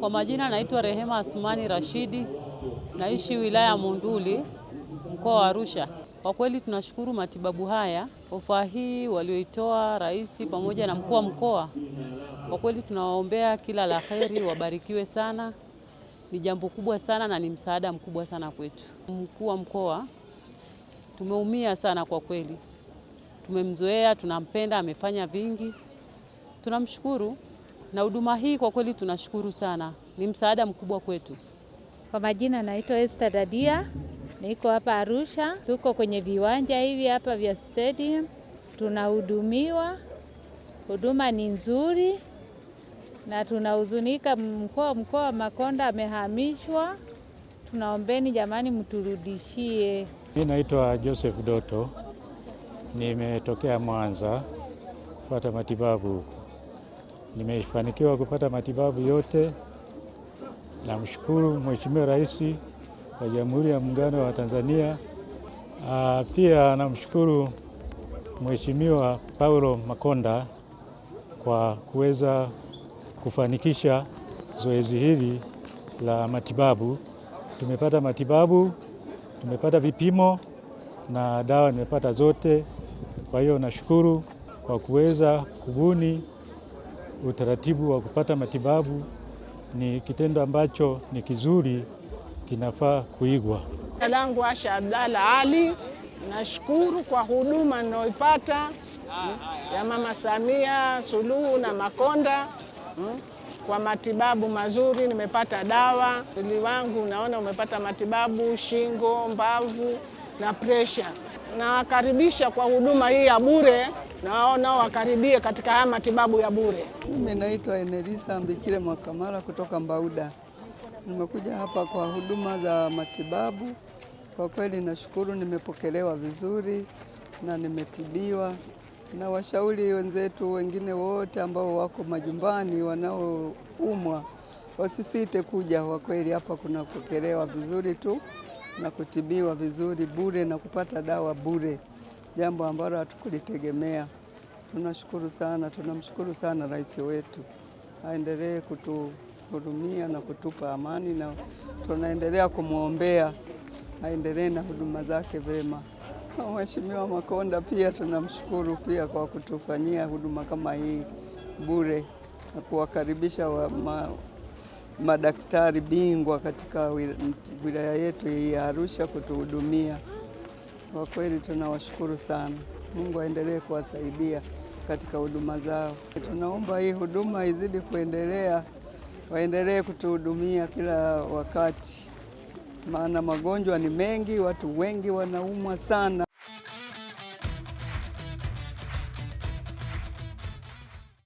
Kwa majina naitwa Rehema Asmani Rashidi, naishi wilaya ya Monduli, mkoa wa Arusha. Kwa kweli tunashukuru matibabu haya, ofa hii walioitoa rais pamoja na mkuu wa mkoa, kwa kweli tunawaombea kila la heri, wabarikiwe sana. Ni jambo kubwa sana na ni msaada mkubwa sana kwetu. Mkuu wa mkoa, tumeumia sana kwa kweli, tumemzoea, tunampenda, amefanya vingi, tunamshukuru na huduma hii kwa kweli tunashukuru sana, ni msaada mkubwa kwetu. Kwa majina naitwa Esther Dadia, niko hapa Arusha. Tuko kwenye viwanja hivi hapa vya stadium, tunahudumiwa. Huduma ni nzuri na tunahuzunika, mkoa mkoa wa Makonda amehamishwa. Tunaombeni jamani, mturudishie. Mi naitwa Joseph Doto, nimetokea Mwanza kupata matibabu nimefanikiwa kupata matibabu yote. Namshukuru Mheshimiwa Rais wa Jamhuri ya Muungano wa Tanzania. Aa, ah, pia namshukuru Mheshimiwa Paulo Makonda kwa kuweza kufanikisha zoezi hili la matibabu. Tumepata matibabu, tumepata vipimo na dawa nimepata zote. Kwa hiyo nashukuru kwa kuweza kubuni utaratibu wa kupata matibabu ni kitendo ambacho ni kizuri, kinafaa kuigwa. langu Asha abdala Ali. Nashukuru kwa huduma ninayoipata hmm, ya Mama Samia Suluhu na Makonda hmm, kwa matibabu mazuri. Nimepata dawa, mwili wangu naona umepata matibabu, shingo, mbavu na presha. Nawakaribisha kwa huduma hii ya bure na wao nao wakaribie katika haya matibabu ya bure. Mimi naitwa Enelisa Mbikire Mwakamara kutoka Mbauda. Nimekuja hapa kwa huduma za matibabu. Kwa kweli nashukuru, nimepokelewa vizuri na nimetibiwa, na washauri wenzetu wengine wote ambao wako majumbani wanaoumwa wasisite kuja. Kwa kweli hapa kuna kupokelewa vizuri tu na kutibiwa vizuri bure na kupata dawa bure jambo ambalo hatukulitegemea. Tunashukuru sana, tunamshukuru sana rais wetu, aendelee kutuhudumia na kutupa amani, na tunaendelea kumwombea aendelee na huduma zake vema. Oh, Mheshimiwa Makonda pia tunamshukuru pia kwa kutufanyia huduma kama hii bure na kuwakaribisha wa ma, madaktari bingwa katika wilaya yetu hii ya Arusha kutuhudumia. Kwa kweli tunawashukuru sana, Mungu aendelee kuwasaidia katika huduma zao. Tunaomba hii huduma izidi kuendelea, waendelee kutuhudumia kila wakati, maana magonjwa ni mengi, watu wengi wanaumwa sana.